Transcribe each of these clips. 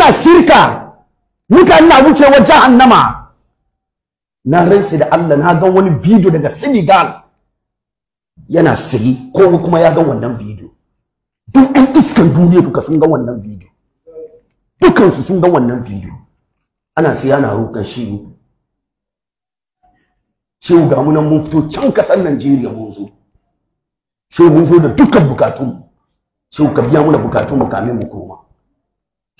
ana shirka mutane na wucewa jahannama na rinsu da Allah na ga wani video daga Senegal yana sayi ko kuma ya ga wannan video duk ɗan iskan duniya duka sun ga wannan video dukansu sun ga wannan video ana siya na roƙar shi shehu ga munan mun fito can kasar Najeriya mun zo shehu mun zo da dukkan bukatun shehu ka biya muna mu kamin mu koma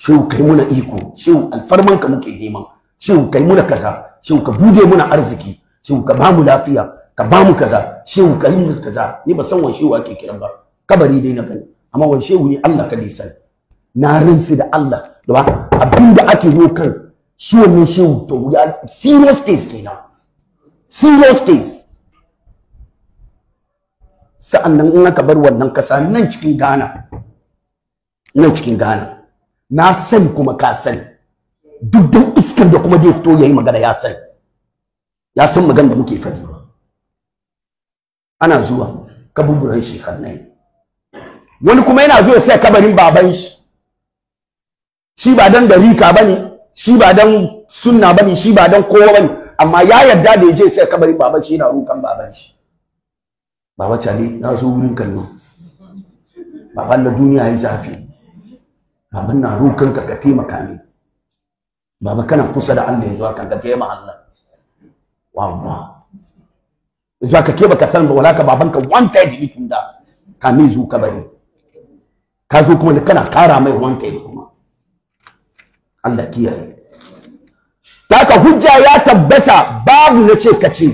shehu kai muna iko shehu alfarman ka muke neman shehu kai muna kaza shehu ka bude muna arziki shehu ka bamu lafiya ka bamu kaza shehu ka yi muna kaza ni ba san wani shehu ake kiran ba kabari dai na gani amma wani shehu ne Allah ka lisan na rinsu da Allah da ba abinda ake yi kan shi wannan shehu to ya serious case kenan serious case sa'annan in aka bar wannan kasa nan cikin Ghana nan cikin Ghana na sani kuma ka sani duk dan iskan da kuma dai fito yayi magana ya sani ya san magana da muke faɗi ba ana zuwa kaburburan shekarnai wani kuma yana zuwa sai kabarin baban shi shi ba dan ka bane shi ba dan sunna bane shi ba dan kowa bane amma ya yarda da je sai kabarin baban shi yana rukan baban shi baba chale na zo wurin kallo baban da duniya yayi zafi baban na rukun ka taimaka min baba kana kusa da Allah yanzu haka ka taimaka Allah wawa yanzu ka ke baka san wala ka babanka wanta da litun da kamin zu ka bari ka zo kuma da kana kara mai wanta kuma Allah kiyaye taka hujja ya tabbata babu na ce ce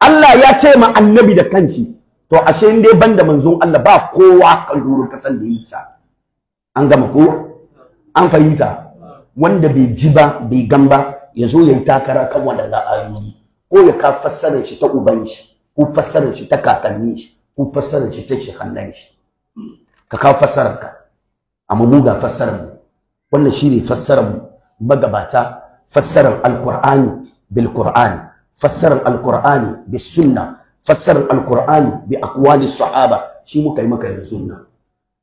Allah ya ce ma annabi da kanci to ashe in dai banda manzon Allah ba kowa kan duru kasan da isa. an gama ko an fahimta wanda bai ji ba bai gamba ya zo ya yi takara kan waɗanda ayoyi ko ya ka fassarar shi ta uban shi ko fassarar shi ta kakanni shi ko fassarar shi ta shehannan shi ka ka fassarar ka amma mu ga fassarar mu wannan shi ne fassarar mu magabata fassarar alqur'ani bil qur'ani fassarar alqur'ani bis sunna fassarar alqur'ani bi aqwali sahaba shi muka yi maka yanzu nan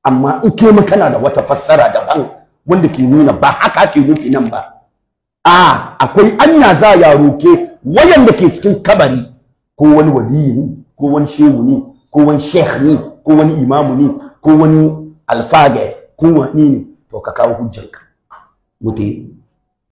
amma in ke kana da wata fassara daban wanda ke nuna ba haka ke nufi nan ba a akwai anya za ya roke da ke cikin kabari ko wani waliyi ne ko wani shehu ne ko wani sheikh ne ko wani imamu ne ko wani alfage ko wani ne to ka kawo hujjanka mutai